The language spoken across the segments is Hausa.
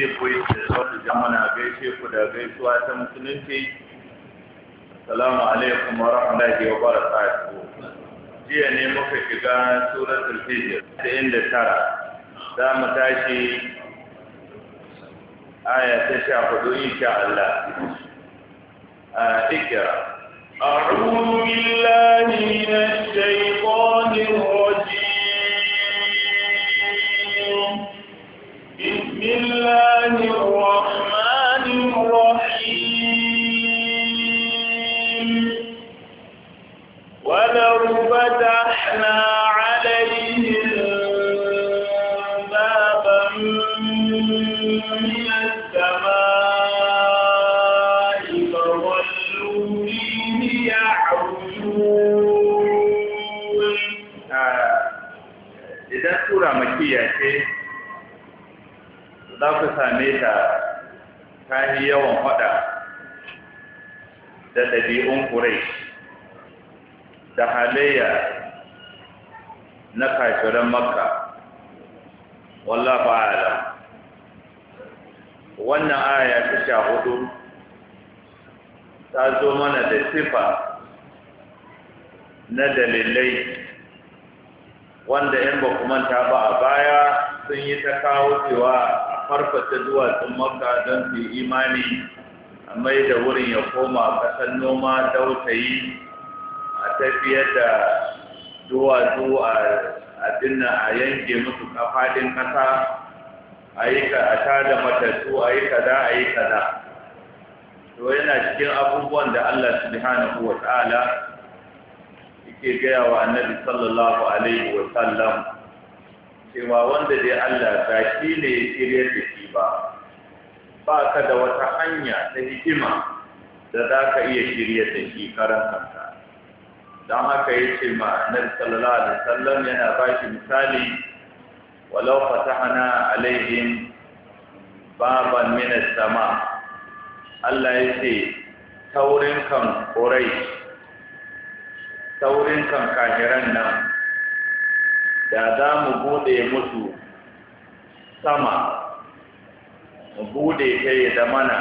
zai koyi da wasu jama'a gaishe ku da gaisuwa ta musulunci salamu alaikum wa rahmatullahi wa barakatuhu jiya ne muka shiga suratul hijr ta inda tara za mu tashi aya ta sha hudu insha Allah a ikira أعوذ بالله من الشيطان za ku same ta ta yi yawan faɗa da ɗabi'un kurai da halayya na kafiran makka wallah ba'ala wannan aya ta sha hudu ta zo mana da sifa na dalilai wanda ‘yan ba manta ba a baya sun yi ta kawo cewa farfata duwatsun maka don su imani a mai da wurin ya koma ƙasar noma dautayi a tafiyar da duwatsu a dinna a yanke musu kafaɗin ƙasa a yi a da matattu a yi kaza a yi kaza to yana cikin abubuwan da Allah subhanahu wa ta'ala yake gaya wa annabi sallallahu alaihi wa sallam cewa wanda dai Allah ba shi ne ya shirya da shi ba ba ka da wata hanya ta hikima da za ka iya shirya da shi karan kanka don haka ya ce ma annabi sallallahu alaihi wasallam yana ba shi misali walau fatahana alaihim baban min sama Allah ya ce taurin kan ƙurai kahiran nan da za mu bude musu sama mu bude ta da mana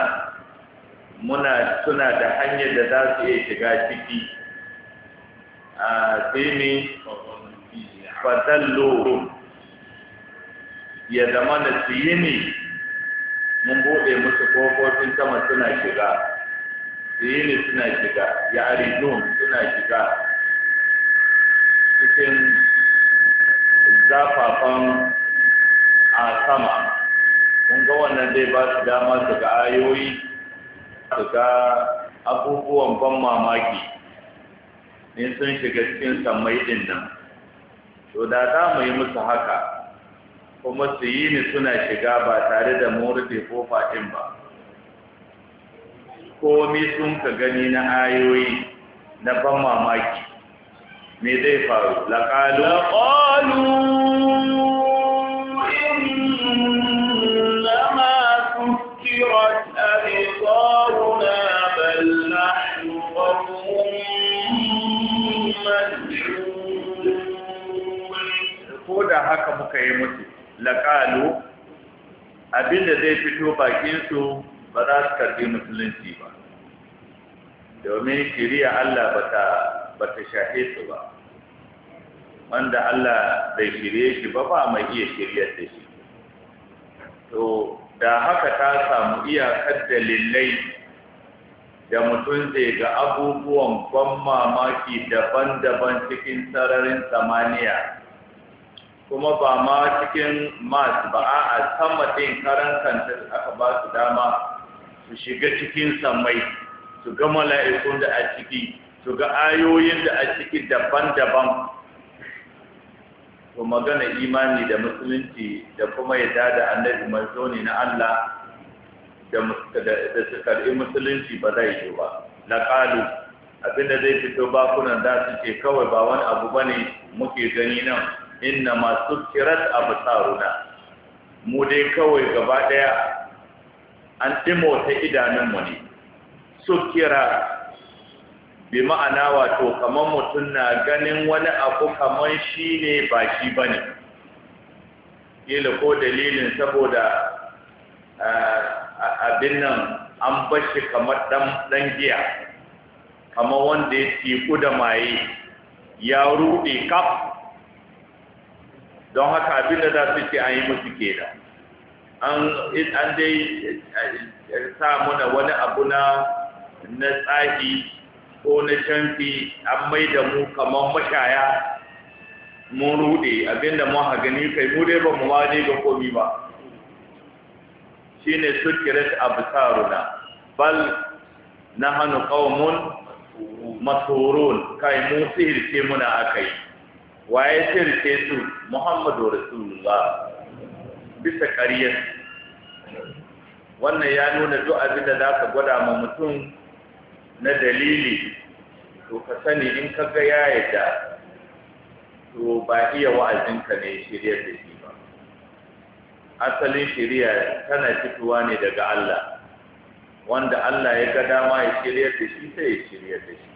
muna suna da hanyar da za su iya shiga ciki a tsini fadallo ya zama su yi ne mun bude musu kofofin sama suna shiga su yi ne suna shiga ya arizon suna shiga cikin zafafan a sama kun ga wannan zai ba su dama su ga ayoyi su ga abubuwan ban mamaki ne sun shiga cikin sammai ɗin nan to da za mu yi musu haka kuma su yi ni suna shiga ba tare da mun ko kofa ɗin ba komi sun ka gani na ayoyi na ban mamaki me zai faru laƙalu aka muka yi musu laƙalu abinda zai fito bakinsu ba za su karbi musulunci ba domin shiriya Allah ba ta shahe su ba wanda Allah bai shirye shi ba ba mai iya shiryar da shi to da haka ta samu iyakar lillai da mutum zai ga abubuwan ban mamaki daban-daban cikin sararin samaniya kuma ba ma cikin mas ba a ɗin mutum karan kanta aka ba su dama su shiga cikin samai su ga mala'ikun da a ciki su ga ayoyin da a ciki daban-daban ko magana imani da musulunci da kuma yadda da annabi manzo ne na Allah da su karɓi musulunci ba zai yi ba qalu abinda zai fito bakunan da su ce kawai ba wani abu bane muke gani nan inna ma sukkirat absaruna mu dai kawai gaba daya an dimota idanunmu ne sukira bi ma'ana wato kamar mutum na ganin wani abu kamar shi ne ba shi ba ne ko dalilin saboda eh, abin nan an bashi kamar ɗan giya kamar wanda ya teku da maye ya ruɗe kaf don haka abin da za su ce an yi musu kenan an dai eh, sa muna wani abu na na tsaki ko na canfi an mai da mu kamar mashaya mun rude abinda mun hagani kai mu dai ba mu waje ga komi ba shine abu saruna bal na hannu kawo mun masurun kai mu sihirce muna yi waye shirke su Muhammadu Rasulullah bisa ƙaryar wannan ya nuna duk abin da za ka gwada ma mutum na dalili to ka sani in ka ga ya yadda to ba iya wa'azinka ne shirya da shi ba asalin shirya tana fitowa ne daga Allah wanda Allah ya ga dama ya shirya da shi sai ya shirya da shi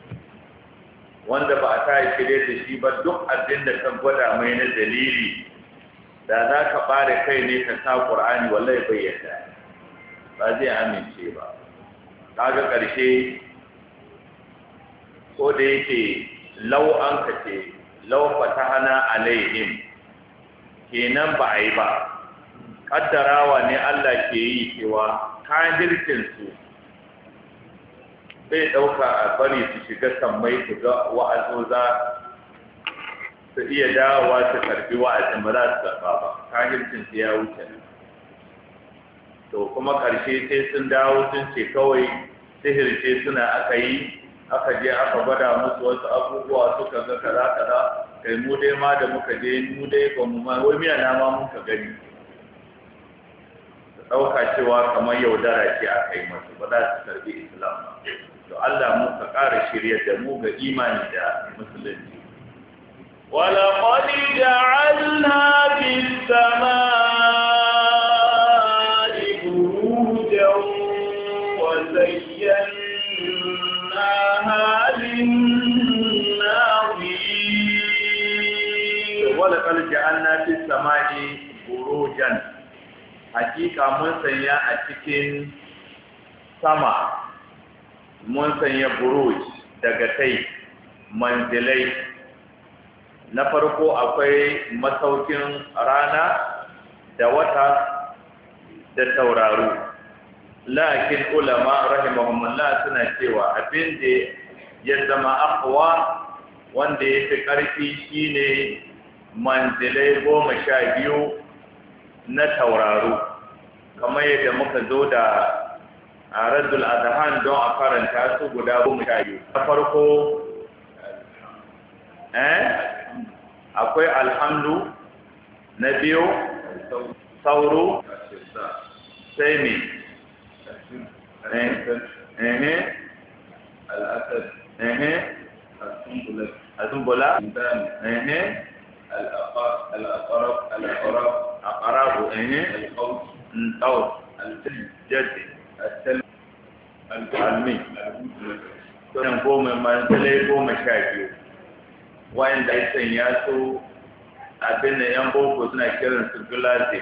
wanda ba a ta shirye da shi ba duk abin da ka gwada mai na dalili da za ka bare kai ne ka sa ƙur'ani wallahi bai yadda ba zai amince ba kaga ƙarshe ko da yake lau an ka ce lau fatahana alaihim kenan ba a yi ba Ƙaddarawa ne Allah ke yi cewa kafircin su sai ɗauka a bari su shiga sammai su ga wa'azoza su iya dawowa su karbi wa'azin ba za su karfa ba kahircin su ya wuce to kuma karshe sai sun dawo sun ce kawai sihirce suna aka yi aka je aka gwada musu wasu abubuwa suka ga kaza kaza kai mu dai ma da muka je mu dai ba mu ma wai miya na ma muka gani ɗauka cewa kamar yaudara ce a yi masu ba za su karbi islam to Allah mu ka ƙara shirya da mu ga imani da musulunci ولقد جعلنا في السماء hakika mun sanya a cikin sama mun sanya buruj daga tai manzilai na farko akwai masaukin rana da wata da tauraro lakin ulama rahimahumullah suna cewa abin da ya zama akwa wanda ya fi ƙarfi shine manzilai goma sha biyu na tauraro kamar yadda muka zo da a raddul adhan don a karanta su guda goma sha biyu na farko eh akwai alhamdu na biyu sauro sai ne eh, eh, eh al'asad eh azumbulat azumbulat eh, eh al'aqarab al'aqarab أقراب القوس القوس الجد السلم العلمي wannan goma mantalai goma sha biyu wanda ya sanya su abin da yan boko suna kiran su glaze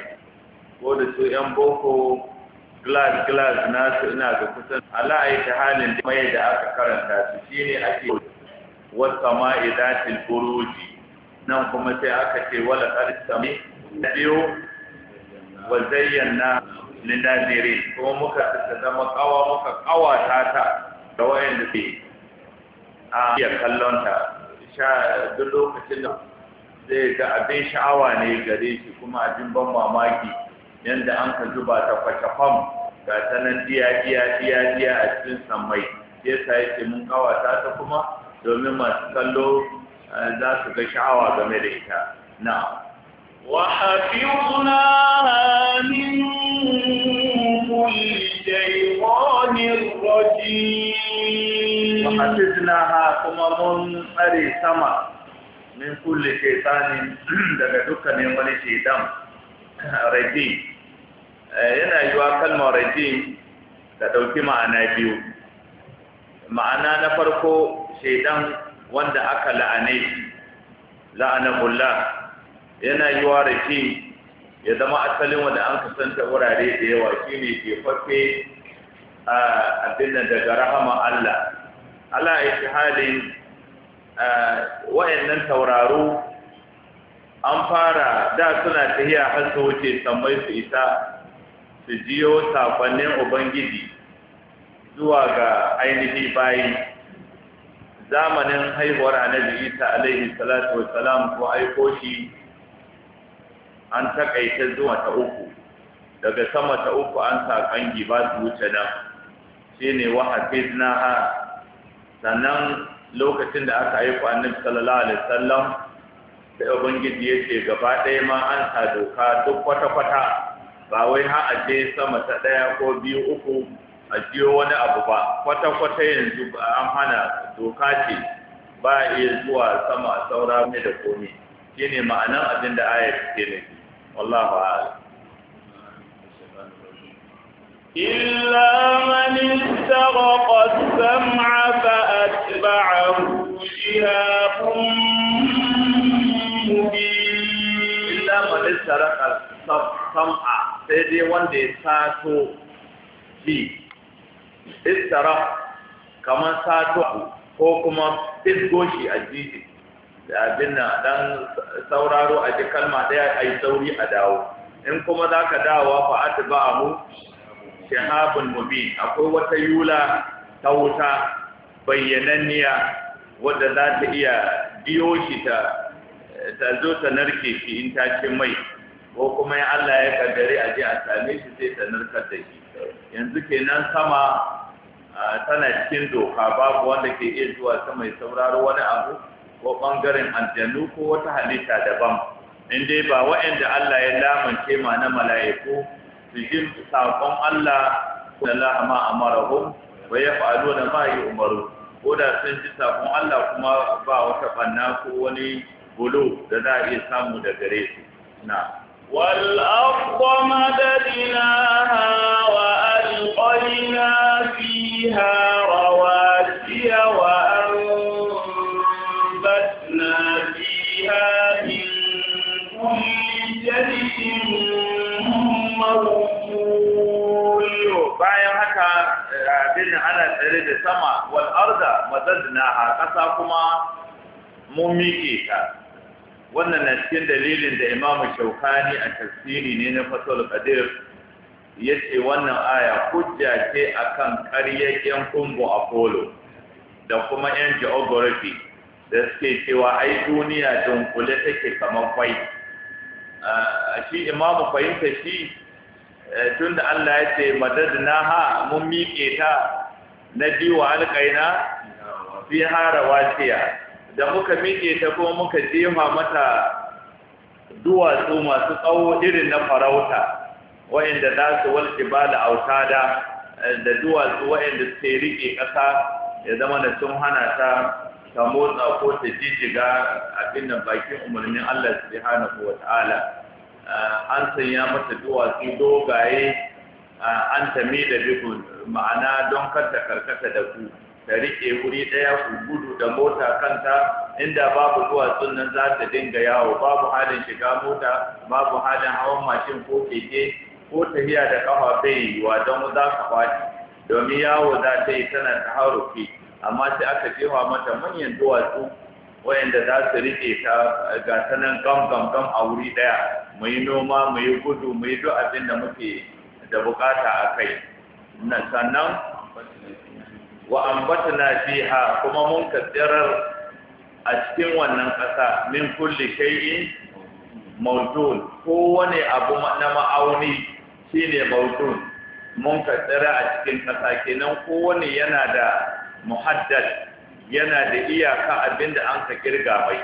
ko da su yan boko glass glass ina ga kusan ala ta halin da mai da aka karanta su shine ake wata ma'idatil buruji nan kuma sai aka ce wala qad sami da biyu wa zayyana linazirin ko muka ta zama kawa muka kawata ta da wayan da ke a iya kallon ta duk lokacin da zai ga abin sha'awa ne gare shi kuma abin ban mamaki yadda an ka zuba ta kwashafam ga ta nan diya diya diya a cikin sammai ya sa ce mun kawata ta kuma domin masu kallo za su ga sha'awa game da ita na'am وحفظناها من كل شيطان رجيم وحفظناها كما من أري سما من كل شيطان daga dukkanin wani shaitan rajim yana yiwa kalmar rajim ta ɗauki ma'ana biyu ma'ana na farko shaidan wanda aka la'ane shi la'anahullah yana yi wa rake ya zama asalin wanda an kasanta wurare da yawa shine ke fafe a abin daga rahama Allah ya yake halin wayannan tauraro an fara da suna tahiya har su wuce sammai su isa su jiyo safannin ubangiji zuwa ga ainihi bayi zamanin haihuwar annabi isa alaihi salatu salam ko aiko shi an takaita zuwa ta uku daga sama ta uku an sa kangi ba su wuce nan ne wa ha? sannan lokacin da aka yi annabi sallallahu alaihi wasallam sai ubangiji ya ce gaba ɗaya ma an sa doka duk kwata-kwata ba wai har a je sama ta ɗaya ko biyu uku a jiyo wani abu ba kwata-kwata yanzu an hana doka ce ba iya zuwa sama a saura mai da komi shine ma'anan abin da ayat ke nufi wallahu a'lam إلا من استرق السمع فأتبعه شهاب مبين إلا من استرق السمع سيدي وان دي ساتو ji istara kamar satu'u ko kuma fisgoshi a jiji abin nan dan sauraro a ji kalma ɗaya a yi sauri a dawo in kuma za ka dawowa fa mu shahabun mubin akwai wata yula ta wuta bayyananniya wadda za ta iya biyo shi ta ta zo ta narke shi in ta ce mai ko kuma ya Allah ya kaddare a ji a same shi sai ta narkar da shi yanzu kenan sama tana cikin doka babu wanda ke iya zuwa sama ya sauraro wani abu ko ɓangaren aljannu ko wata halitta daban in dai ba waɗanda Allah ya lamunce ma na mala'iku su ji saƙon Allah da ma a marahun wa ya na ma yi umaru ko da sun ji saƙon Allah kuma ba wata banna ko wani bulu da za a iya samu da gare su na والأرض مددناها وألقينا فيها dare da sama wal arda ha kasa kuma mun miƙe ta wannan na cikin dalilin da imamu shaukani a tafsiri ne na fatul qadir yace wannan aya hujja ce akan ƙaryayyen kumbu apollo da kuma yan geography da suke cewa ai duniya dunkule take kamar kwai shi imamu fahimta shi eh, tunda Allah ya ce ha mun miƙe ta na biyu wa alƙaina fi hara wasiya da muka miƙe ta kuma muka jefa mata duwatsu masu tsawo irin na farauta wa'inda za su walke ba da autada da duwatsu wa'inda suke riƙe ƙasa ya zama da sun hana ta ta motsa ko ta jijiga, abinda nan bakin umarnin Allah subhanahu wa ta'ala an sanya mata duwatsu dogaye an tame da biku ma'ana don kanta karkata da ku ta riƙe wuri ɗaya ku gudu da mota kanta inda babu zuwa nan za ta dinga yawo babu halin shiga mota babu halin hawan mashin ko keke ko tafiya da kafa bai yiwuwa don za ka faɗi domin yawo za ta yi tana ta harufi amma sai aka jefa mata manyan duwatsu wayanda za su rike ta ga sanan gam gam gam a wuri daya mu yi noma mu yi gudu mu yi duk abin da muke da bukata a kai na sannan wa ambatna fiha kuma mun kaddarar a cikin wannan ƙasa min kulli shay'in mawdun kowane abu na ma'auni shine mawdun mun kaddara a cikin ƙasa kenan kowane yana da muhaddad yana da iyaka abinda an ka kirga mai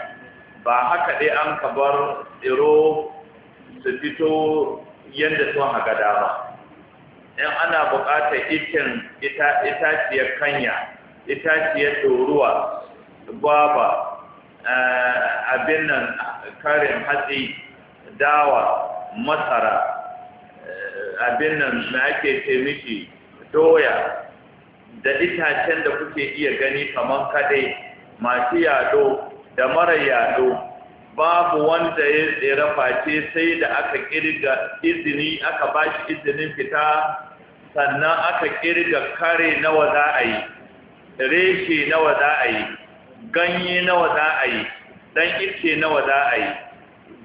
ba haka dai an ka bar tsiro su fito yadda sun haka dama in ana buƙatar ikin itaciyar kanya itaciyar ɗoruwa gwaba eh, abin nan karin hatsi dawa masara eh, abin nan da ake ce miki doya da itacen da kuke iya gani kamar kaɗai masu yado da mara yado babu wanda ya tsere face sai da aka kirga izini aka ba shi izinin fita sannan aka kirga kare nawa za a yi reshe nawa za a yi ganye nawa za a yi dan ice nawa za a yi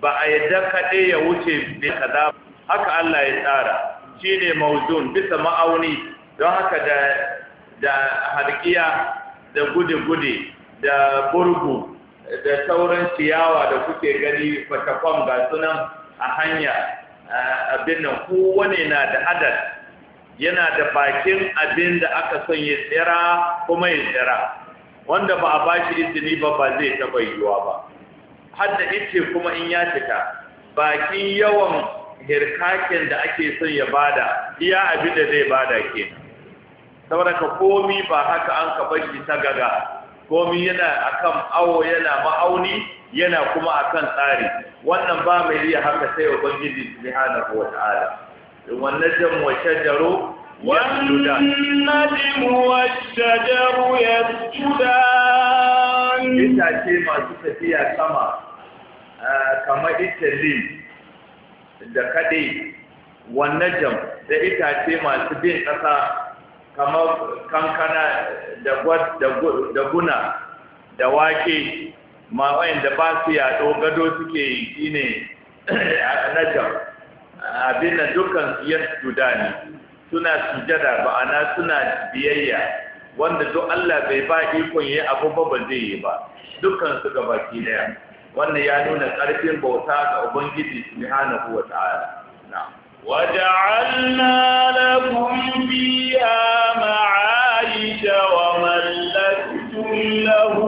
ba a yadda kaɗe ya wuce bai kaza haka Allah ya tsara shi ne mawuzun bisa ma'auni don haka da da harkiya da gudu-gudu da burgu da sauran ciyawa da kuke gani fatakwam ga sunan a hanya abin nan kowane na da adad yana da bakin abin da aka son ya tsira kuma ya tsira wanda ba a ba shi izini ba ba zai taɓa yiwuwa ba har da ice kuma in ya cika bakin yawan hirkakin da ake son ya bada iya abin da zai bada kenan saboda ka komi ba haka an ka bashi ta gaga komi yana akan awo yana ma'auni yana kuma akan tsari wannan ba mai iya haka sai ubangiji subhanahu wa ta'ala wannan jamu wa shajaru والنجم والشجر يسجدان itace masu tafiya sama eh, kamar italin da kaɗe wannan jam da itace masu bin ƙasa kamar kankana da guna da wake ma wayan da ba su yaɗo gado suke yi shine najar abin da dukkan yan sudani suna sujada ba'ana suna biyayya wanda duk Allah bai ba ikon yi abu ba ba zai yi ba dukkan su gaba ki daya wannan ya nuna ƙarfin bauta ga ubangiji subhanahu wa ta'ala na'am وجعلنا لكم فيها معايش ومن لستم له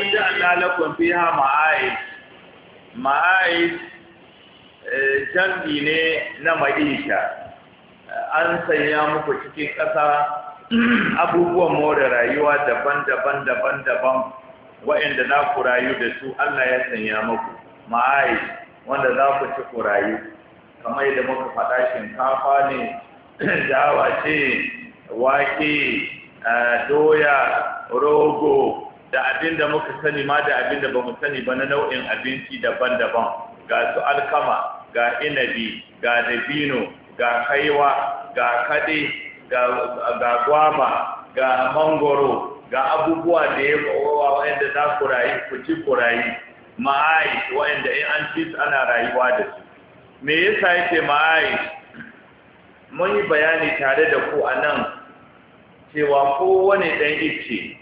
وجعلنا لكم فيها معايش معايش ne na ma'isha an sanya muku cikin ƙasa abubuwan more rayuwa daban-daban daban-daban wa'inda na ku rayu da su Allah ya sanya muku ma'aiki wanda za ku ci kurayi, kamar yadda muka faɗa shinkafa ne dawa ce wake doya rogo da abin da muka sani ma da abin da ba mu sani ba na nau'in abinci daban-daban ga su alkama ga inabi ga dabino ga kaiwa ga kaɗe ga gwaba ga mangoro ga abubuwa da ya kowa wanda za ku ci kurayi. ma'aish wa'anda in an ci ana rayuwa da su me yasa yake ma'aish mun yi bayani tare da ku a nan cewa kowane ɗan ice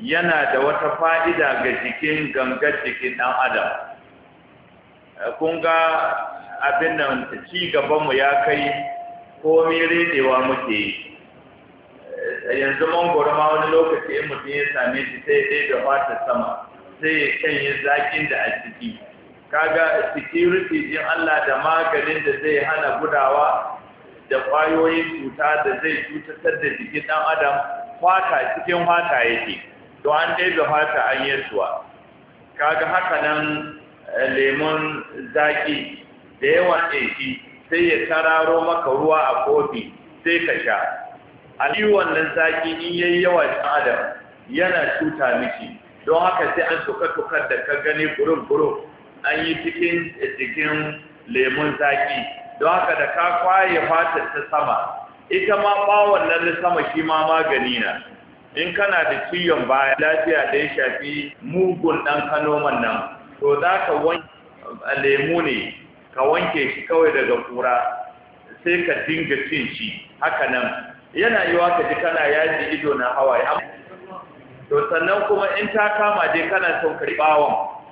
yana da wata fa'ida ga jikin gangar jikin ɗan adam kun ga abin nan ci gabanmu ya kai komi redewa muke yi yanzu mangwaro ma wani lokaci in mutum ya same shi sai dai da fata sama sai ya kanye zakin da a ciki kaga security din Allah da maganin da zai hana gudawa da kwayoyin cuta da zai cutar da jikin dan adam fata cikin fata yake to an dai da fata an yesuwa kaga haka nan eh, lemon zaki da yawan ɗeki sai ya tararo maka ruwa a kofi sai ka sha aliyu wannan zaki in yayi yawa adam yana cuta miki don haka sai an tuka-tukar da ka gani gurin-gurin an yi cikin cikin lemun zaki don haka da ka kwaye fatar ta sama ita ma bawon nan na sama shi ma magani na in kana da ciyon baya lafiya da ya shafi mugun ɗan kanoman nan to za ka wanke lemu ne ka wanke shi kawai daga kura sai ka dinga cin shi haka nan yana yiwa ka ji kana yaji ido na hawaye to sannan kuma in ta kama dai kana son karbawan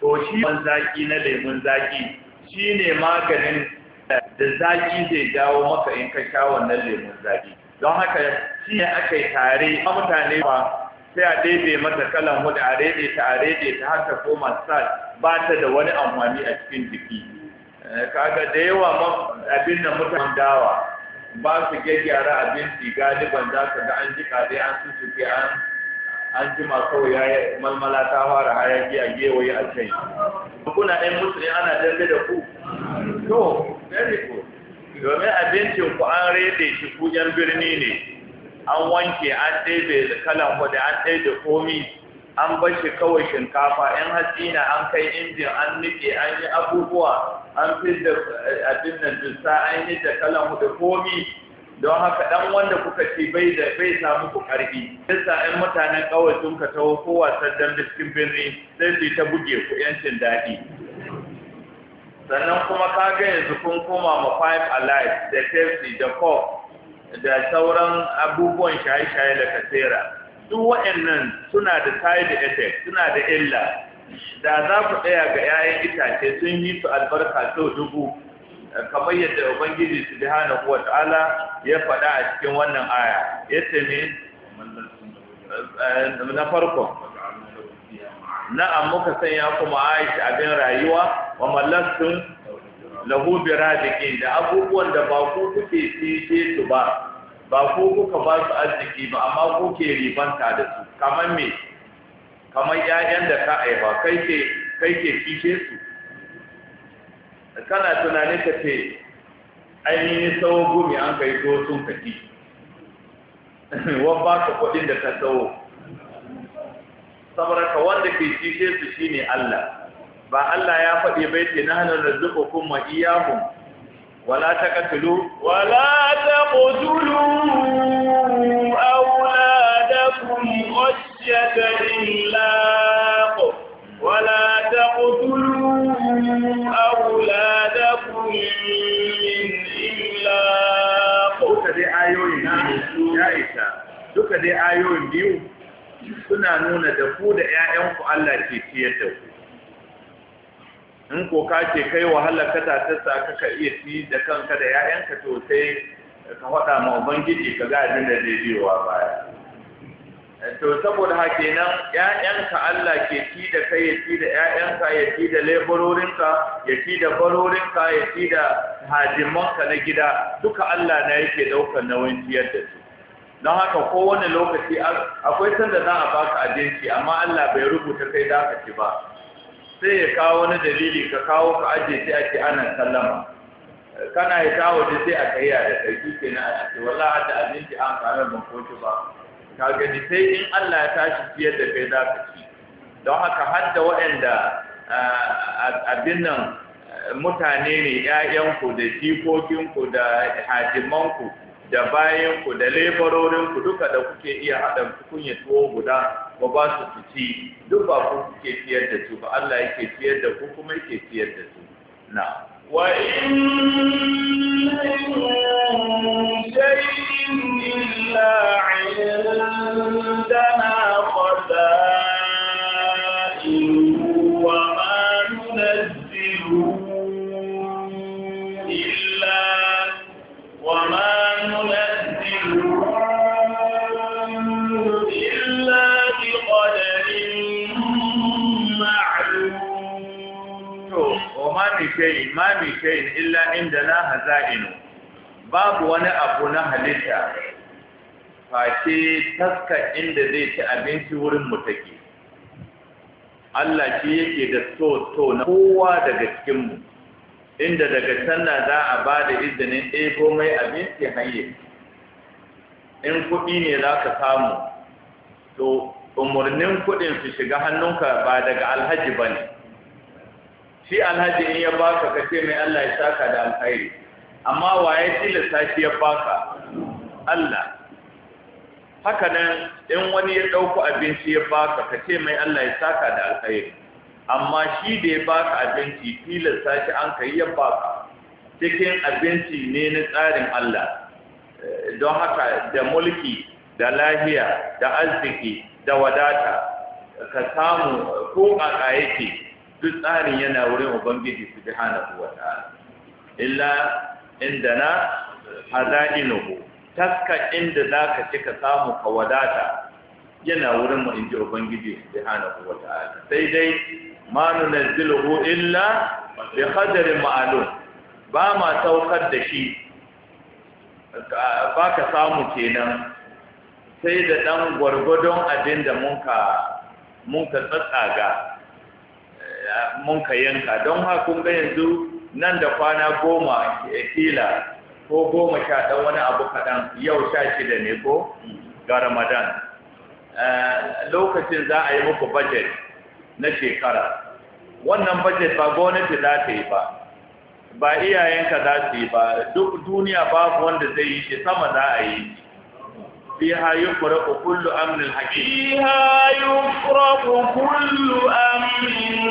to shi man zaki na lemun zaki shine maganin da zaki zai dawo maka in ka sha wannan lemun zaki don haka shi ne aka yi tare a mutane ba sai a daidai mata kalan hudu a rede ta a rede ta har ta koma sal ba ta da wani amfani a cikin jiki eh, kaga da yawa abin da mutane dawa ba su gyaggyara abinci galiban za ka ga an jika dai an sussuke an an jima kawai ya yi malmala ta fara hayaki a gewaye an kai kuna ɗan musulmi ana dalle da ku to very good domin abincin ku an rede shi ku yan birni ne an wanke an ɗebe kalan ku da an ɗebe komi an bar shi kawai shinkafa Yan hatsi na an kai injin an nike an yi abubuwa an fi da eh, abin nan dusa an yi da kalan ku da komi don haka dan wanda kuka ce bai da bai sa muku karfi yasa ɗan mutanen kawai sun ka taho ko wasan da cikin birni sai su ta buge ku yancin daɗi sannan kuma ka ga yanzu kun koma ma five alive da safety da cop da sauran abubuwan shaye-shaye da kasera duk waɗannan suna da side effect suna da illa da za ku tsaya ga 'ya'yan itace sun yi su albarka sau dubu kamar yadda ubangiji subhanahu ta'ala ya faɗa a cikin wannan aya yace ne na farko na'am muka sanya kuma Aisha abin rayuwa wa mallastun lahu biradiqin da abubuwan da ba ku kuke fice su ba ba ku kuka ba su arziki ba amma ku ke ribanta da su kamar me kamar ƴaƴan da ka aiba kai ke kai su kana tunanin ka ce ainihin sawo gumi an kai to sun kaci wan ba ka kudin da ka tsawo. saboda wanda ke cishe su shine Allah ba Allah ya faɗi bai ce na hannun rizukukum wa iyyakum wala ta taqtulu wala ta taqtulu أولادكم خشية إملاق ولا تقتلوا أولادكم duka dai ayoyin biyu suna nuna da ku da 'ya'yanku Allah ke ciyar da ku in ko ka ce kai wahala ka ta ka iya ci da kanka da ƴaƴanka to sai ka faɗa ma ubangiji ka ga abin da zai biyowa baya to saboda haka nan ƴaƴanka Allah ke ci da kai ya ci da ƴaƴanka ya ci da leburorinka ya ci da barorinka ya ci da hajimanka na gida duka Allah na yake ɗaukar nauyin ciyar da su don haka kowane lokaci akwai sanda za a baka abinci amma Allah bai rubuta kai za ka ci ba sai ya kawo wani dalili ka kawo ka aje sai a ce ana sallama kana ya kawo da sai a kai ya da sarki kenan a ce wallahi da abinci an kawo ban koci ba ka gani sai in Allah ya tashi fiye da kai za ka ci don haka hadda waɗanda abin nan mutane ne ‘ya'yanku da jikokinku da hajimanku da bayanku da lebarorinku duka da kuke iya haɗa kunya tuwo guda ba ba su su ci duk ba ku kuke ciyar da su ba Allah yake fiye da ku kuma yake fiye da su na وإن من شيء إلا عندنا خزائن shay'in illa indana haza'inu babu wani abu na halitta face taska inda zai ci abinci wurin mu take Allah shi yake da so so na kowa daga cikin inda daga sanna za a ba da izinin ɗebo mai abinci hanyar in kuɗi ne za ka samu to umarnin kuɗin su shiga hannunka ba daga alhaji ba ne shi alhaji in ya baka ka ce mai Allah ya saka da alkhairi amma waye tilasta shi ya baka Allah haka nan in wani ya ɗauko abinci ya baka ka ce mai Allah ya saka da alkhairi amma shi da ya baka abinci tilasta shi an kai ya baka cikin abinci ne na tsarin Allah don haka da mulki da lahiya da arziki da wadata ka samu ko a yake duk tsarin yana wurin ubangiji hana wa ta'ala illa inda indana hazainuhu taska inda za ka ci ka samu ka wadata yana wurin mu inji ubangiji hana wa ta'ala sai dai ma zilhu illa bi qadarin ma'lum ba ma saukar da shi ba ka samu kenan sai da ɗan gwargwadon abin da mun ka mun ka tsatsaga mun ka yanka don ha kun ga yanzu nan da kwana goma eh, kila ko goma sha ɗan wani abu kaɗan yau sha shida ne ko ga ramadan eh, lokacin za a yi muku budget na shekara wannan budget ba gwamnati za ta yi ba ba iyayenka za su yi ba duk duniya babu wanda zai yi shi sama za a yi shi فيها يفرق كل أمر حكيم فيها يفرق كل أمر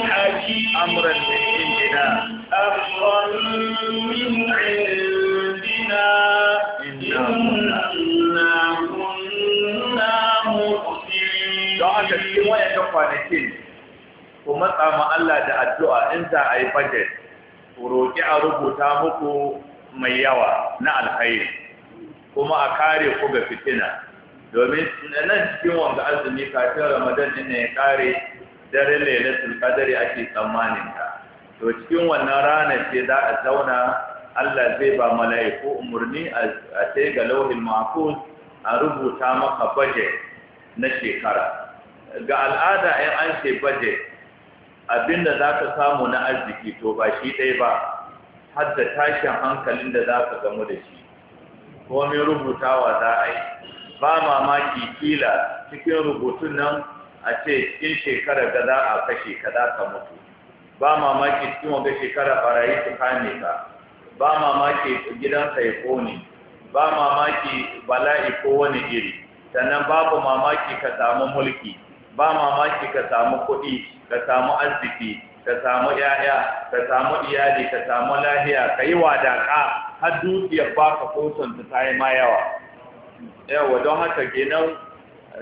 حكيم أمرا من عندنا أمرا من عندنا إنا كنا مرسلين دعك الشواية كفانتين ومتى ما الله دا الدعاء انت أي فجر وروجع ربو تامكو mai yawa na alkhairi kuma a kare ku ga fitina domin nan cikin wanga azumi kafin ramadan din ya kare dare lailatul qadari ake tsammanin ta to cikin wannan rana ce za a zauna Allah zai ba mala'iku umarni a sai ga lauhin mahfuz a rubuta maka budget na shekara ga al'ada in an ce budget abinda za ka samu na arziki to ba shi ɗaya ba har da tashin hankalin da za ka gamu da shi komai rubutawa za a yi ba mamaki kila cikin rubutun nan a ce cikin shekara za a kashe za ka mutu ba mamaki cikin wanda shekara barayi su kame ka ba mamaki gidan ya ba mamaki bala'i ko wani iri sannan babu mamaki ka samu mulki ba mamaki ka samu kuɗi ka samu arziki ka samu 'ya'ya ka samu iyali ka samu lahiya ka yi wadaƙa har dukiyar baka kotonta ta yi ma yawa yawa don haka kenan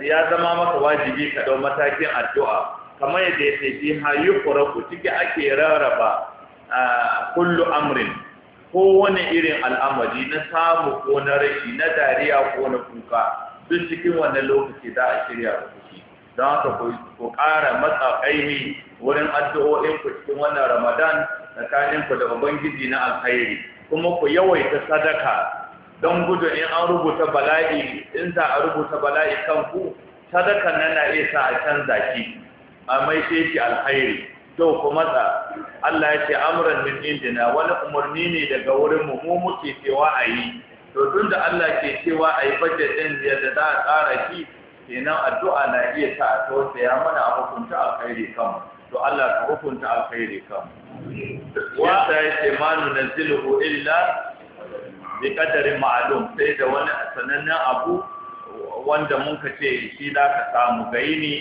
ya zama maka wajibi ka dau matakin addu'a kamar yadda ya ce fi hayu ku ciki ake rarraba kullu amrin ko wani irin al'amari na samu ko na rashi na dariya ko na kuka duk cikin wannan lokaci za a shirya da kuki don haka ku ƙara matsa ƙaimi wurin addu'o'inku cikin wannan ramadan tsakaninku da ubangiji na alkhairi kuma ku yawaita sadaka don gudu in an rubuta bala'i in za a rubuta bala'i kan ku sadakan nan na iya sa a canza ki a mai shi shi alkhairi to ku matsa Allah ya ce amuran min indina wani umarni ne daga wurin mu mu muke cewa a yi to da Allah ke cewa a yi ɗin ɗin yadda za a tsara ki kenan addu'a na iya sa a tausaya mana a hukunta alkhairi kanmu to Allah ka hukunta alkhairi kan wa ta yace ma nunzilu illa bi qadarin ma'lum sai da wani sanannen abu wanda mun ka ce shi da ka samu gayi ne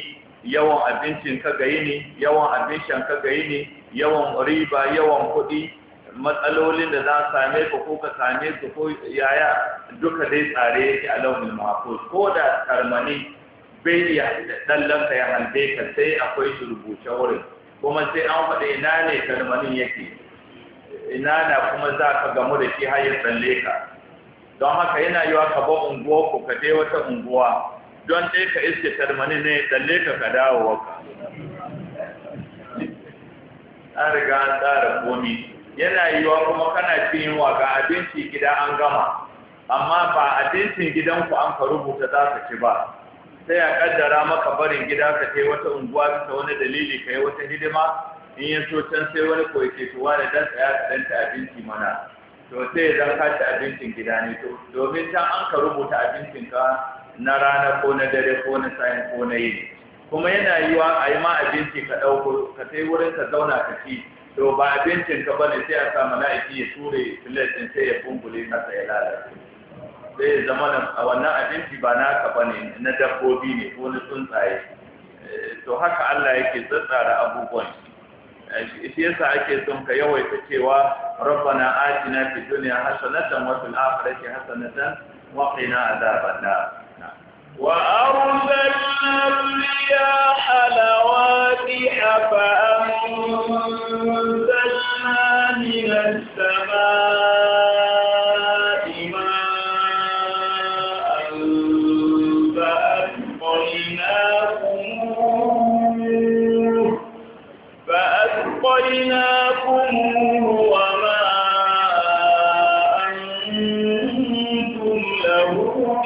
yawan abincin ka gayi ne yawan abincin ka gayi ne yawan riba yawan kuɗi matsalolin da za a same ka ko ka same su ko yaya duka dai tsare yake a launin mahafuz ko da karmani bai da ɗallanka ya halbe ka sai akwai shi rubuce wurin kuma sai an faɗi ina ne kalmanin yake ina na kuma za ka gamu da shi har ya tsalle ka don haka yana yiwa ka ba unguwa ko ka je wata unguwa don dai ka iske kalmanin ne tsalle ka ka dawo waka an riga an tsara komi yana yiwa kuma kana cin ga abinci gida an gama amma ba abincin gidanku an ka rubuta za ka ci ba sai a kaddara maka barin gida ka kai wata unguwa bisa wani dalili ka yi wata hidima in yi so can sai wani koyi ke tuwa da dan tsaya ka danta abinci mana to sai zan ka abincin gida ne to domin can an ka rubuta abincin ka na rana ko na dare ko na sayin ko na yi kuma yana yiwa a yi ma abinci ka ɗauko ka sai wurin ka zauna ka ci to ba abincin ka bane sai a sa mala'iki ya ture filet ɗin sai ya bumbule kasa ya lalace sai ya zama a wannan abinci ba naka ba ne na dabbobi ne ko na tsuntsaye eh, to haka Allah yake tsatsara abubuwan eh, shi yasa ake son ka yawaita cewa rabbana atina fi dunya hasanatan wa fil akhirati hasanatan wa qina adhaban nar وأرسلنا الرياح لوادح أسقيناكموه وما أنتم له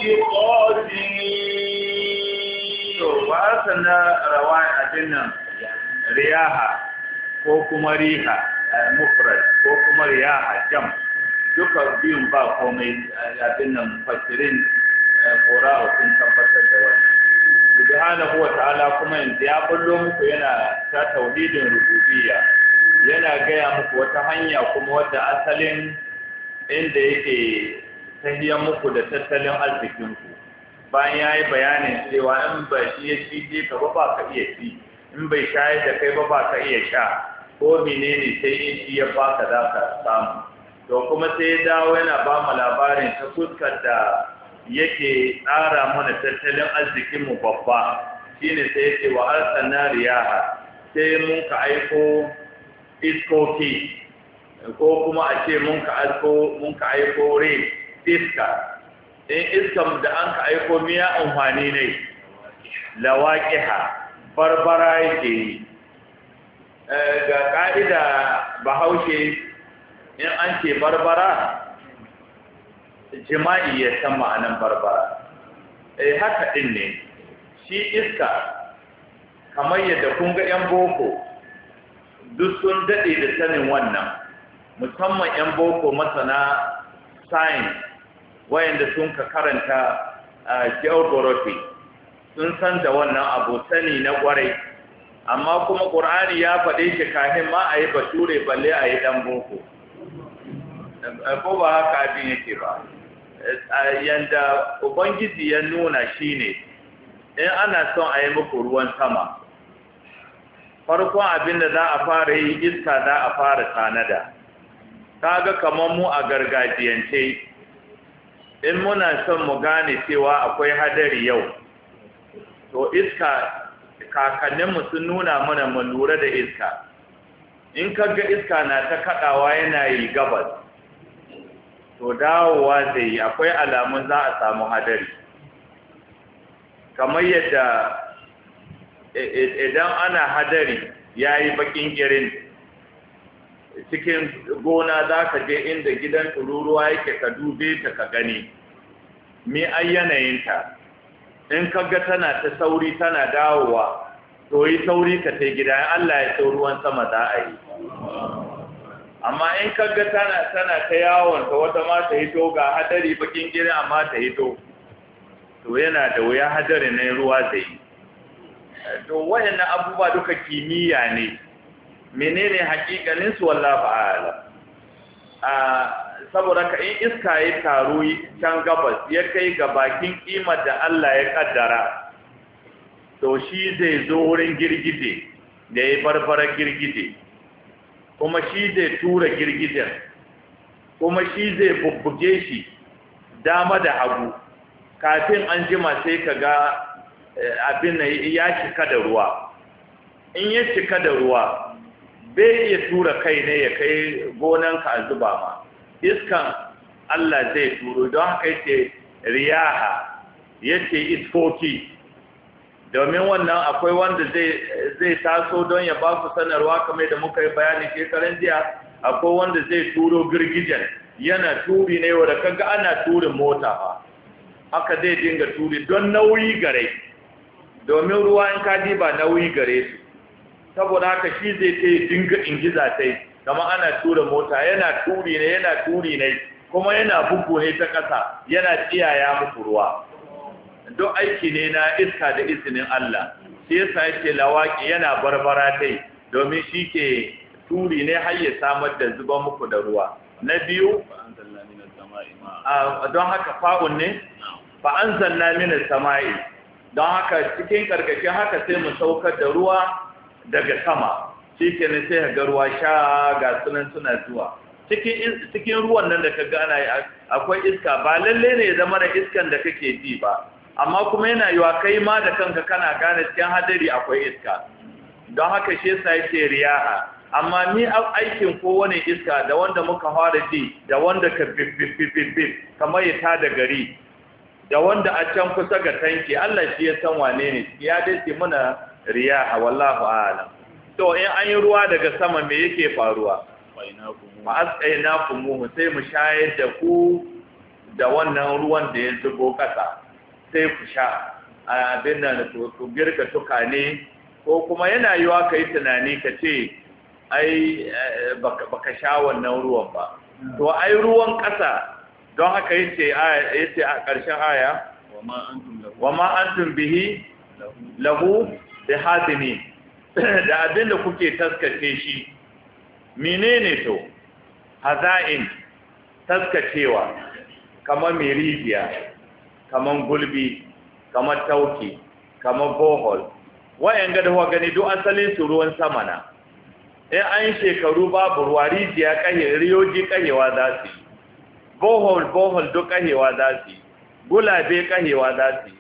بقادمين وأرسلنا رواية أجنة رياها ko kuma riha mufrad ko kuma riyaha jam duka biyun ba komai abin nan fasirin eh, ƙora sun tabbatar da wani subhanahu wa ta'ala kuma yanzu ya ballo muku yana ta tauhidin rububiyya yana gaya muku wata hanya kuma wata asalin inda yake tahiya muku da tattalin arzikinku bayan ya yi bayanin cewa in ba shi ya ci ka ba ba ka iya ci in bai shayar da kai ba ba ka iya sha ko menene sai in shi ya baka za ka samu to kuma sai ya dawo yana ba mu labarin ta fuskar da yake tsara mana tattalin arzikin mu babba shine sai yake wa arsalna riyaha sai mun ka aiko iskoki ko kuma a ce mun ka aiko re iska in iska da an ka aiko miya amfani ne lawaqiha barbara yake eh, ga ka'ida bahaushe in an ce barbara jima'i ya san ma'anan barbara eh haka din ne shi iska kamar yadda kun ga yan boko duk sun daɗe da sanin wannan musamman yan boko masana science wayanda sun ka karanta geography sun san da wannan abu sani na kwarai amma kuma ƙur'ani ya faɗe shi kafin ma a yi bature balle a yi ɗan boko eh, ko ba haka abin yake ba yanda ubangiji ya nuna shine in ana son a yi muku ruwan sama farkon abin da za a fara yi iska za a fara tanada ga kamar mu a gargajiyance in muna son mu gane cewa akwai hadari yau to iska kakanninmu sun nuna mana mu lura da iska in ka ga iska na ta kaɗawa yana yi gabas to dawowa zai yi akwai alamun za a samu hadari kamar yadda idan ana hadari ya yi bakin girin cikin gona za ka je inda gidan tururuwa yake ka dube ta ka gani mi an yanayinta in ka ga tana ta sauri tana dawowa to yi sauri ka ta gida Allah ya so ruwan sama za a yi amma in kaga tana tana ta yawon ta wata ma ta hito ga hadari bakin gida amma ta hito to yana da wuya hadari na ruwa zai yi to wayannan abubuwa duka kimiyya ne menene hakikanin su wallahi fa'ala a saboda ka in iska taro taru can gabas ya kai ga bakin kima da Allah ya kaddara to shi zai zo wurin girgije da ya farfara girgije kuma shi zai tura girgizar kuma shi zai bubbuge shi dama da hagu kafin an jima sai ka ga eh, abin ya cika da ruwa in ya cika da ruwa bai iya tura kai ne ya kai gonan a zuba ma iskan Allah zai turo don haka yace riyaha yace iskoki domin wannan akwai wanda zai taso don ya ba ku sanarwa kamar da muka yi bayani shekaran jiya akwai wanda zai turo girgijen yana turi ne wadda kaga ana turin mota ba haka zai dinga turi don nauyi gare domin ruwa in kaji ba nauyi gare su saboda haka shi zai ta dinga ingiza ta yi kama ana tura mota yana turi ne yana turi ne kuma yana bugu ne ta ƙasa yana tsiyaya muku ruwa Don aiki ne na iska da izinin Allah shi yasa yake lawaki yana barbara dai domin shi ke turi ne har ya samar da zuba muku da ruwa na biyu don haka fa'un ne fa'anzan na sama'i don haka cikin karkashi haka sai mu saukar da ruwa daga sama shi ke ne sai ga ruwa sha ga sunan suna zuwa cikin ruwan nan da ka gana akwai iska ba lalle ne ya zama da iskan da kake ji ba amma kuma yana yiwa kai ma da kanka kana gane cikin hadari akwai iska don haka shi yasa yake riya'a amma ni aikin ko wani iska da wanda muka fara ji da wanda ka bibbibbib kamar ya tada gari da wanda a can kusa ga tanki Allah shi ya san wane ne ya dace muna riya'a wallahu a'lam to in an yi ruwa daga sama me yake faruwa ma asqaynakum sai mu shayar da ku da wannan ruwan da ya zubo kasa sai ku sha abin nan ku girka tukane ko kuma yana yiwa ka yi tunani ka ce ai eh, baka sha wannan ruwan ba to ai ruwan ƙasa don haka yace yace a ƙarshen aya wa ma antum bihi lahu bihadini da abin da kuke taskace shi menene to haza'in taskacewa kamar meridiya kamar gulbi kamar tauki kamar bohol wayan ga da gani duk asalin su ruwan sama na in an shekaru babu ruwa rijiya kahe riyoji kahewa za su bohol bohol duk kahewa za su gulabe kahewa za su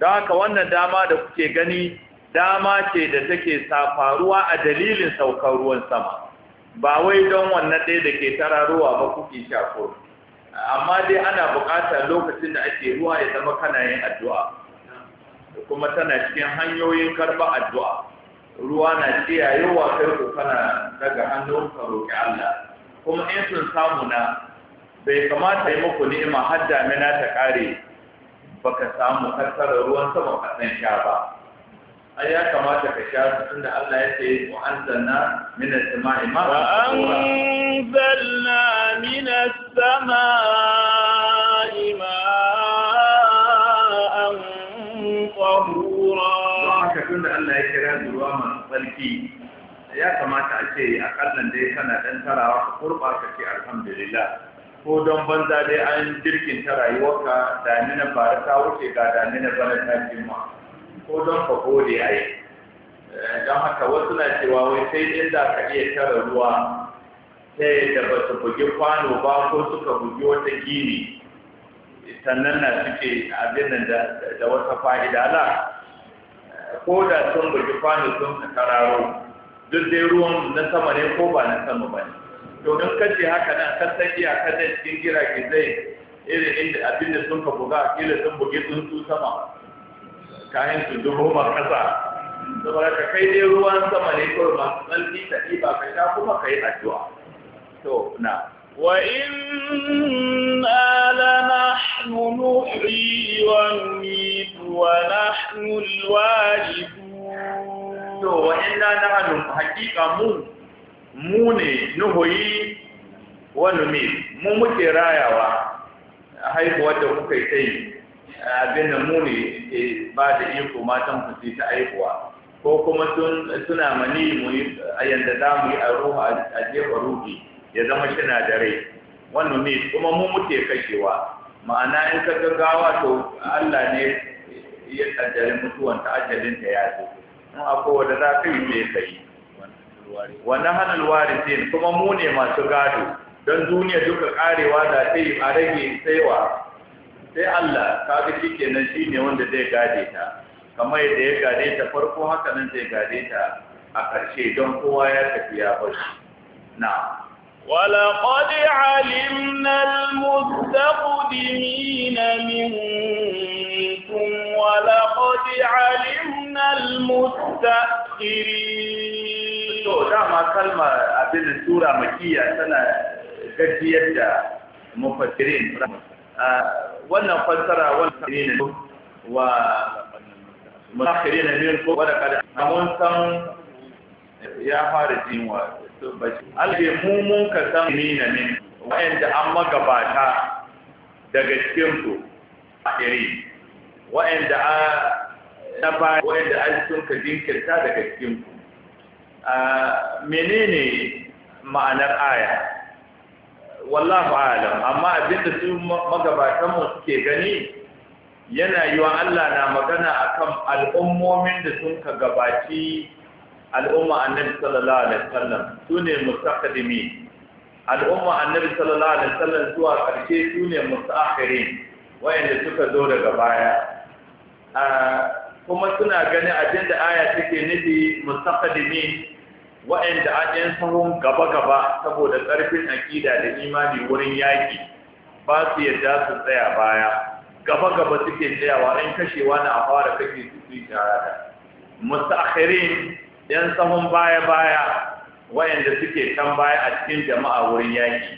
don haka wannan dama da kuke gani dama ce da take safaruwa a dalilin saukar ruwan sama ba wai don wannan ɗaya da ke tararowa ba kuke shakur amma dai ana buƙatar lokacin da ake ruwa ya zama kana yin addu'a kuma tana cikin hanyoyin karba addu'a ruwa na tsiyayewa kai ku kana daga hannun ka roƙi Allah kuma in sun samu na bai kamata yi muku ni'ima har damina ta ƙare baka samu kasar ruwan sama ka sha ba ai ya kamata ka sha su tunda Allah ya ce wa anzalna minas sama'i ma'a wa السماء ماء طهورا haka tun da Allah ya kira ruwa masu tsarki ya kamata a ce a kallon dai kana ɗan tarawa ka kurba ka ce alhamdulillah ko don banza dai an jirgin ta rayuwarka damina bara ta wuce ga damina bana ta jima ko don ka gode a yi eh, don haka wasu na cewa wai sai inda ka iya tara ruwa sai da ba su bugi kwano ba ko suka bugi wata gini sannan na suke abin da wata fa'ida ala ko da sun bugi kwano sun kararo duk dai ruwan na sama ne ko ba na sama ba ne to in kace haka nan kasance a iyakar cikin cikin ke zai irin inda abin da sun ka buga kila sun bugi su sama kayan su duhu ma kasa saboda ka kai dai ruwan sama ne kawai masu tsanti ta ba ka sha kuma ka yi addu'a to na wa in alana nunu wa numitu wa nahnu alwarithun to wa inna nahnu haqiqa mu mu ne nuhyi wa numitu mu muke rayawa haihuwar da kuka yi ta yi abin da mu ne ba da iko matan ku ta haihuwa ko kuma suna mani mu yi a yanda za mu yi a ruhu a jefa ruhi ya zama shi na da rai wannan ne kuma mu muke kashewa ma'ana in ka ga gawa to Allah ne ya kaddare mutuwan ta ajalin ta ya zo in akwai wanda za ka yi mai kai wannan hanal warisin kuma mu ne masu gado don duniya duka karewa da ta yi a rage saiwa sai Allah ka ga shikenan shine wanda zai gade ta kamar yadda ya gade ta farko haka nan zai gade ta a ƙarshe don kowa ya tafi ya bar na ولقد علمنا المستقدمين منكم ولقد علمنا المستأخرين to dama kalmar abin tura makiya tana gajiyar da mufassirin wannan fassara wannan ne wa mufassirin ne ko wanda kada san ya fara Allah mu mun ka san mina ne wa'anda an magabata daga cikin su a iri wa'anda a na ba wa'anda an sun ka jinkirta daga cikin su menene ma'anar aya wallahu alam amma abinda su magabatan mu suke gani yana yiwa Allah na magana akan al'ummomin da sun ka gabaci al'umma annabi sallallahu alaihi wasallam sune mustaqdimi al'umma annabi sallallahu alaihi sallam zuwa karshe sune mustaakhirin wayanda suka zo daga baya kuma suna ganin abinda aya take nufi mustaqdimi wayanda an ɗan sahun gaba gaba saboda ƙarfin aƙida da imani wurin yaƙi ba su yarda su tsaya baya gaba gaba suke tsayawa in kashewa na a fara kake su su yi tare da yan sahun baya-baya wayanda suke can baya a cikin jama'a wurin yaki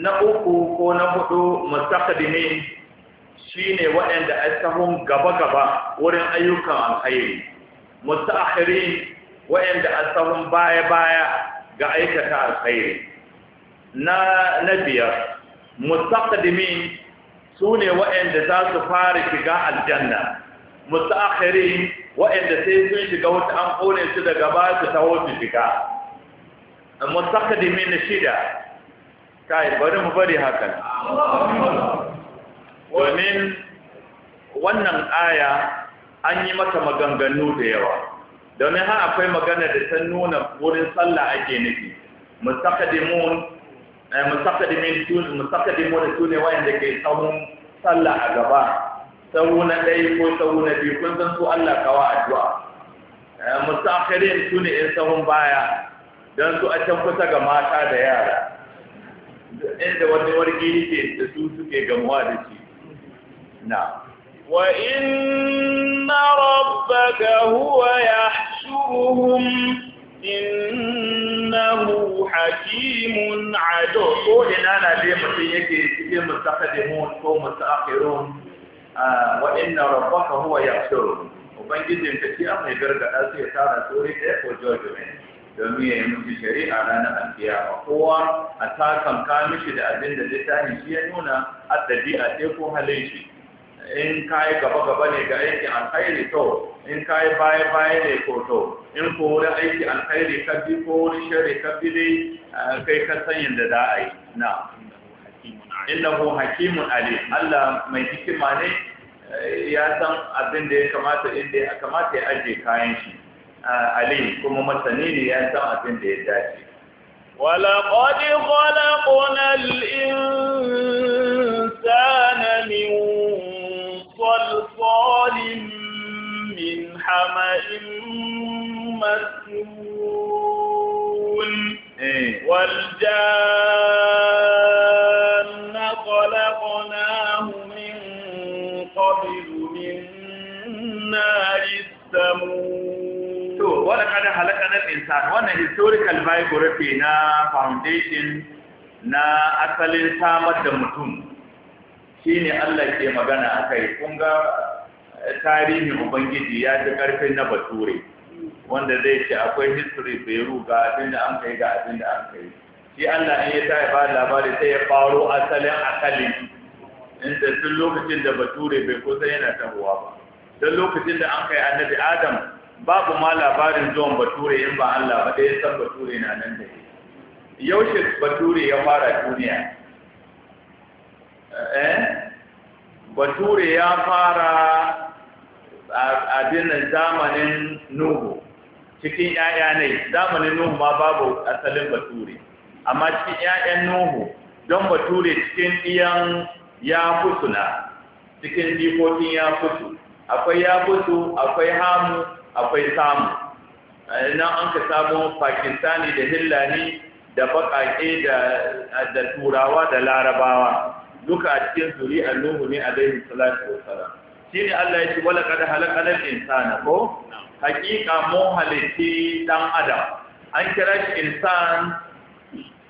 na uku ko na hudu mustaqdimi shine wayanda a sahun gaba-gaba wurin ayyukan alkhairi mutaakhirin wayanda a sahun baya-baya ga aikata alkhairi na na biyar su sune wayanda za su fara shiga aljanna mutaakhirin wa'anda sai sun shiga wata an kone su daga ba su taho su shiga mutaqaddimin shida kai bari mu bari hakan domin wannan aya an yi mata maganganu da yawa domin har akwai magana da ta nuna wurin sallah ake nufi mutaqaddimun eh, mutaqaddimin tun mutaqaddimun tun ne wa'anda ke tsawon sallah a gaba sau na ɗaya ko sau na biyu kun san su Allah kawa addu'a eh, musakhirin su ne in sahun baya don su a can kusa ga mata da yara inda wani wargi yake da su suke gamuwa da shi na Wa وإن ربك هو يحشرهم إنه Hakimun عليم ko ina na dai mutum yake cikin mustaqdimun ko mustaqirun wa inna rabbaka huwa yahshuru ubangijin ka shi mai gargada su ya tara tsori ɗaya ko judgment domin ya yi musu shari'a ranar alkiyama kowa a takan ka mishi da abin da littafin shi ya nuna a ɗabi'a ce ko halin shi in ka yi gaba gaba ne ga aiki alkhairi to in ka yi baya baya ne ko to in ko wani aiki alkhairi ka bi ko wani shari ka bi dai kai ka san yadda za a yi na innahu hakimun Ali, Allah mai hikima ne ya san abin da ya kamata inda ya kamata ya aje kayan shi Ali kuma masani ne ya san abin da ya dace ولقد خلقنا الإنسان من صلصال من حمأ مسنون والجان nari samu to wala kada halaka na insan wannan historical biography na foundation na asalin samar da mutum shine Allah ke magana akai kun ga eh, tarihin ubangiji ya ci karfin na bature wanda zai ce akwai history beru ga abin da an kai ga abin da an kai shi Allah ne ya ta ba labari sai ya faro asalin akali inda tun lokacin da bature bai kusa yana tahowa ba don lokacin da an kai annabi adam babu ma labarin zuwan bature in ba Allah ba dai san bature na nan da yaushe bature ya fara duniya eh bature ya fara abin zamanin nuhu cikin ‘ya'ya ne zamanin nuhu ma babu asalin bature amma cikin ‘ya'yan nuhu don bature cikin iyan ya kusuna cikin jikokin ya kusu akwai ya butu akwai hamu akwai samu nan an ka samu pakistani da hillani da baƙaƙe da turawa da larabawa duka a cikin zuri'ar nuhu ne alaihi salatu Shi shine Allah ya ce wala qad halaqal insana ko hakika mu halitti dan adam an kira shi insan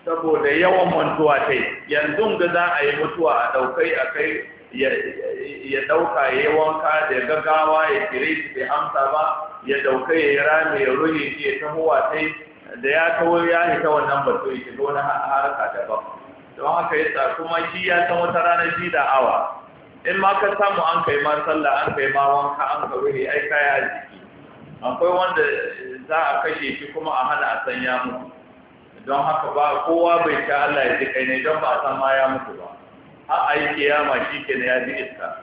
saboda yawan mantuwa kai yanzu ga za a yi mutuwa a daukai a kai ya ɗauka ya yi wanka da gaggawa ya kire shi bai amsa ba ya ɗauka ya yi rami ya ruhe shi ya taho da ya ya hita wannan batu ya shiga wani harka daban don haka yasa kuma shi ya san wata ranar shi da awa in ma ka samu an kai ma sallah an kai ma wanka an ka ruhe ai kaya jiki akwai wanda za a kashe shi kuma a hana a sanya mutu don haka ba kowa bai sha Allah ya ji kai ne don ba a san ma ya mutu ba har a yi kiyama shi ke na ya ji iska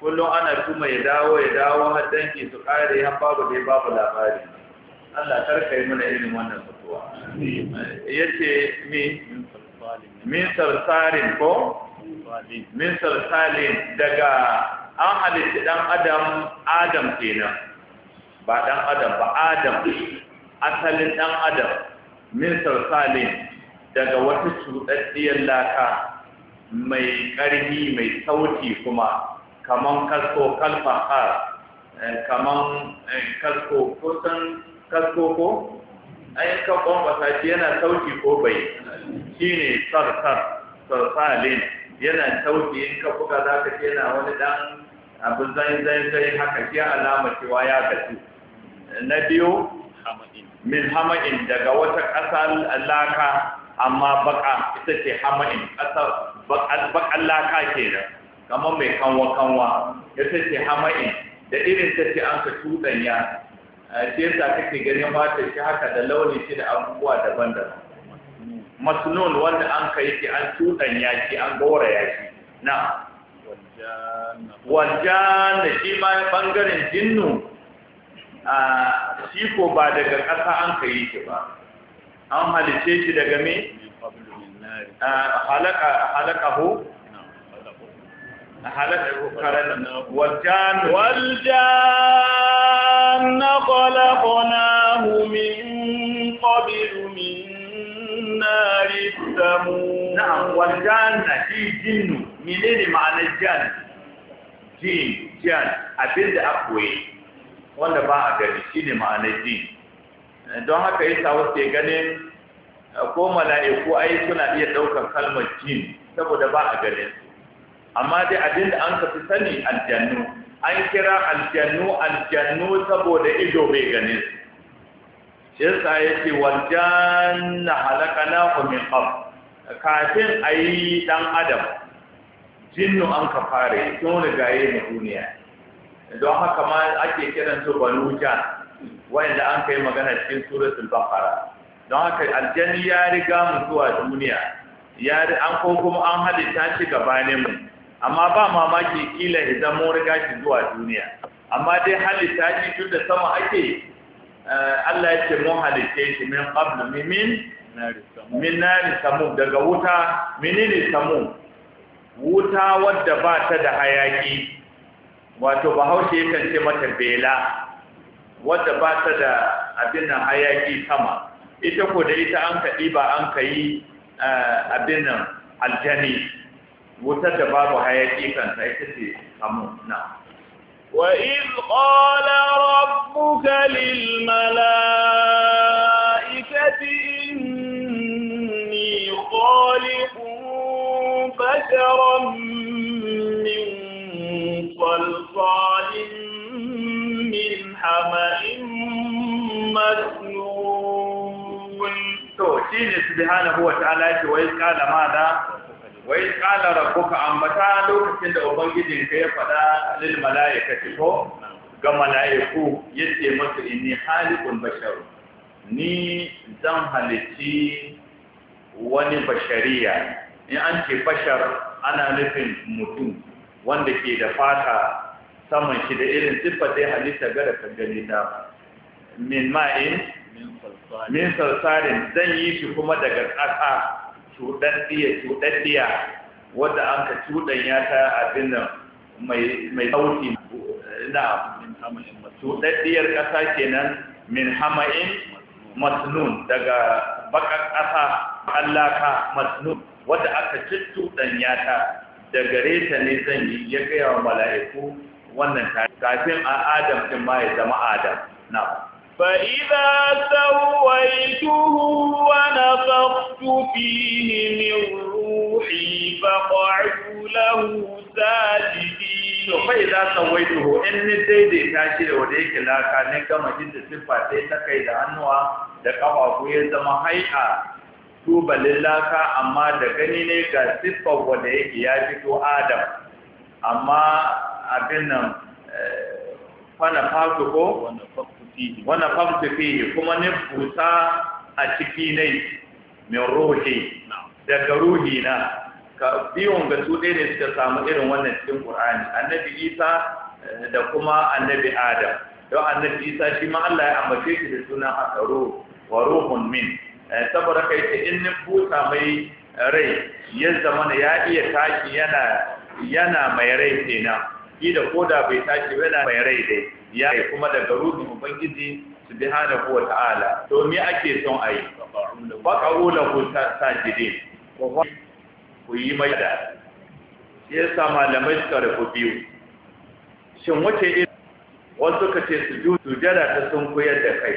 kullum ana kuma ya dawo ya dawo har danki su kare ya babu dai babu labari Allah karka yi mana irin wannan mutuwa ya ce min sarsarin ko min sarsarin daga an halitta dan adam adam kenan ba dan adam ba adam asalin dan adam min sarsarin daga wata cuɗaɗɗiyar laka mai ƙarfi mai sauti kuma kaman kasko kalfa har eh, kaman kasko eh, kusan kasko ko ayin ka kwambata shi yana sauti ko bai shi ne sarsar sarsalin yana sauti in ka buga za ka ce yana wani dan abin zai zai zai haka shi alama cewa ya gasu na biyu min hama'in daga wata ƙasar laka amma baka ita ce hama'in ƙasar bakan laka da kamar mai kanwa kanwa ita ce hama'in da irin ta ce an ka cuɗanya shi yasa kake ganin ta shi haka da launin shi da abubuwa daban-daban masnun wanda an ka yake an ya shi an ya shi na wajen shi ma bangaren jinnu a shi ko ba daga ƙasa an ka yake ba an halice shi daga me halakahu والجان والجان خلقناه من قبل من نار السموم نعم والجان شيء جن منين معنى الجان جن جان أبدا أقوي ولا بعد شيء معنى الجن don haka yasa wasu ya ganin eh, ko mala'iku ai suna iya ɗaukar kalmar jin saboda ba a ganin su amma dai abin da an kafi sani aljannu an kira aljannu aljannu saboda ido bai gani su shi yasa waljan na halaka na min qabl kafin a yi ɗan adam jinnu an ka fare sun rigaye na duniya don haka ma ake kiran su baluja wanda an kai magana cikin suratul baqara don haka aljanni ya riga mu zuwa duniya ya an ko kuma an halitta shi gabanin mu amma ba mamaki kila idan mun riga shi zuwa duniya amma dai halitta shi tun da sama ake eh, Allah ya ce mun halitta shi min qablu min min nari samu daga wuta menene samu wuta wadda ba ta da hayaki wato bahaushe kan ce mata bela wadda ba ta da abin nan hayaki sama ita ko da ita an kaɗi ba an eh, abin nan aljani wutar da babu hayaki kanta ita ce kamun na وإذ قال ربك للملائكة إني خالق بشرا من صلصال حَمَئٍ مَسْنُونٍ To, ne su bi hana huwa alaƙi wai ƙala ma da, wai ƙala rabuka, amma ta lokacin da Ubangijin ka yi faɗa lil mala'ika ce ko ga mala'iku ya ce masu ini halikun basharu. Ni zan halici wani bashariya, in an ce bashar ana nufin mutum wanda ke da fata saman shi da irin siffar dai halitta gara ta gani ta min ma'in min salsarin zan yi shi kuma daga ƙasa cuɗaɗɗiya cuɗaɗɗiya wadda an ka cuɗanya ta abin nan mai sauti na cuɗaɗɗiyar ƙasa kenan min hama'in masnun daga baƙar ƙasa allaka masnun wadda aka cuɗanya ta da gare ta ne zan yi ya gaya wa mala'iku wannan kafin a adam ɗin ma ya zama adam na fa idza sawaituhu wa nafaqtu fihi min ruhi fa qa'idu lahu sadidi to fa idza sawaituhu in ne dai dai ta shi da wanda yake laka ne ga majin da sifa ta kai da annuwa da kafa ku ya zama hai'a to balillaka amma da gani ne ga sifa wanda yake ya fito adam amma abin nan eh, wana fasu ko wana fasu fiye kuma ne fusa a ciki ne min ruhi daga ruhi na ka biyun ga su ɗaya ne suka samu irin wannan cikin ƙur'ani annabi isa eh, da kuma annabi adam don annabi isa shi ma allah ya ambace shi da suna haka ruhu wa ruhun min eh, saboda kai ta in busa mai rai ya zama ya iya tashi yana yana mai rai kenan da ko da bai tashi yana mai rai dai ya yi kuma daga ruhin ubangiji hana ko ta'ala to me ake son ayi ko ta sajidin ku yi mai da shi yasa malamai suka rufu biyu shin wace ne wasu ka ce su sujada ta sun koyar da kai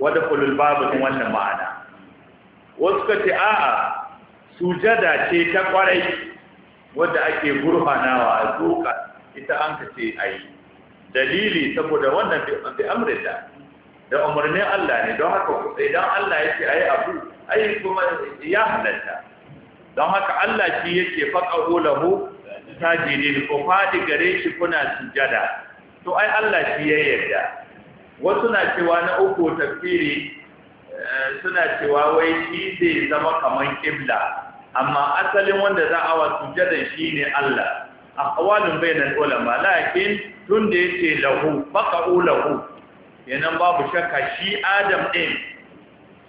wadda kulul babu wannan ma'ana wasu ka ce a'a sujada ce ta kwarai wadda ake gurfanawa a zuƙa ita an ka ce a yi dalili saboda wannan bai amurin da umarnin Allah ne don haka idan Allah ya ce a yi abu yi kuma ya halatta don haka Allah shi yake faƙaho lahu sajirin ko faɗi gare shi kuna sujada to ai Allah shi ya yarda wasu na cewa na uku tafsiri eh, suna cewa wai shi zai zama kamar kibla amma asalin wanda za a wa sujada ne Allah aqwalun bainal ulama lakin tun da lahu baka ulahu yanan babu shakka shi adam din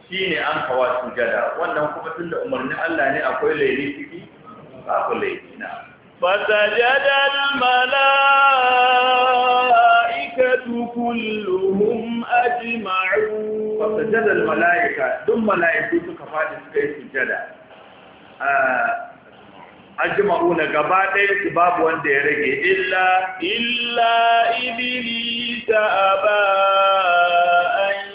shine an kawa sujada wannan kuma tun da umarnin Allah ne akwai laili ciki babu laifi na فسجد الملائكة mala'ika أجمعون فسجد الملائكة دم suka كفاءة سكي yi sujada. ajma'una gaba ɗaya su babu wanda ya rage illa illa iblisa aba an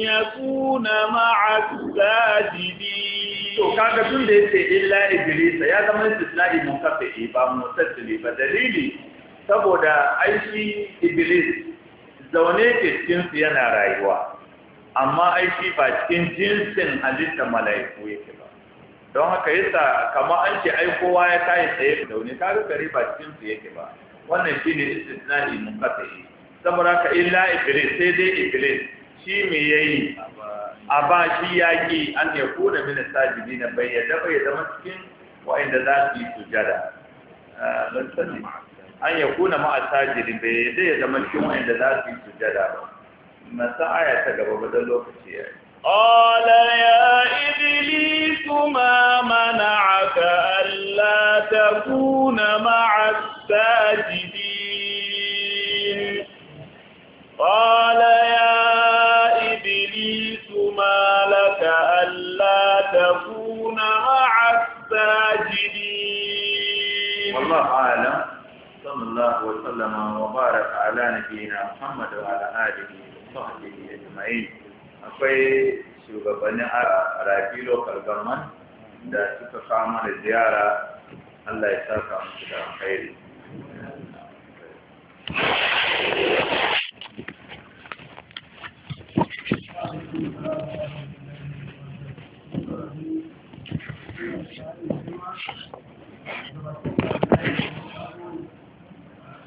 yakuna ma'a sajidi to kaga tun da ce illa iblisa ya zama istisna'i munkafi ba mutasil ba dalili saboda aiki iblis zaune ke cikin yana rayuwa amma aiki ba cikin jinsin halittar mala'iku yake ba don haka yasa kamar an ce ai kowa ya tayi tsaye da wani ga gari ba cikin su yake ba wannan shine istisnai munqati saboda ka illa iblis sai dai iblis shi me yayi a ba shi yaki an ya kuna min sajidina bai ya daba ya zama cikin wa'inda za su yi sujada ban an ya kuna ma sajidin bai ya zama cikin wa'inda za su yi sujada ba masa aya ta gaba ba don lokaci yayi قال يا إبليس ما منعك ألا تكون مع الساجدين قال يا إبليس ما لك ألا تكون مع الساجدين والله أعلم صلى الله وسلم وبارك على نبينا محمد وعلى آله وصحبه أجمعين akwai shugabannin a rafi local government da suka kama da ziyara Allah ya saka musu da alkhairi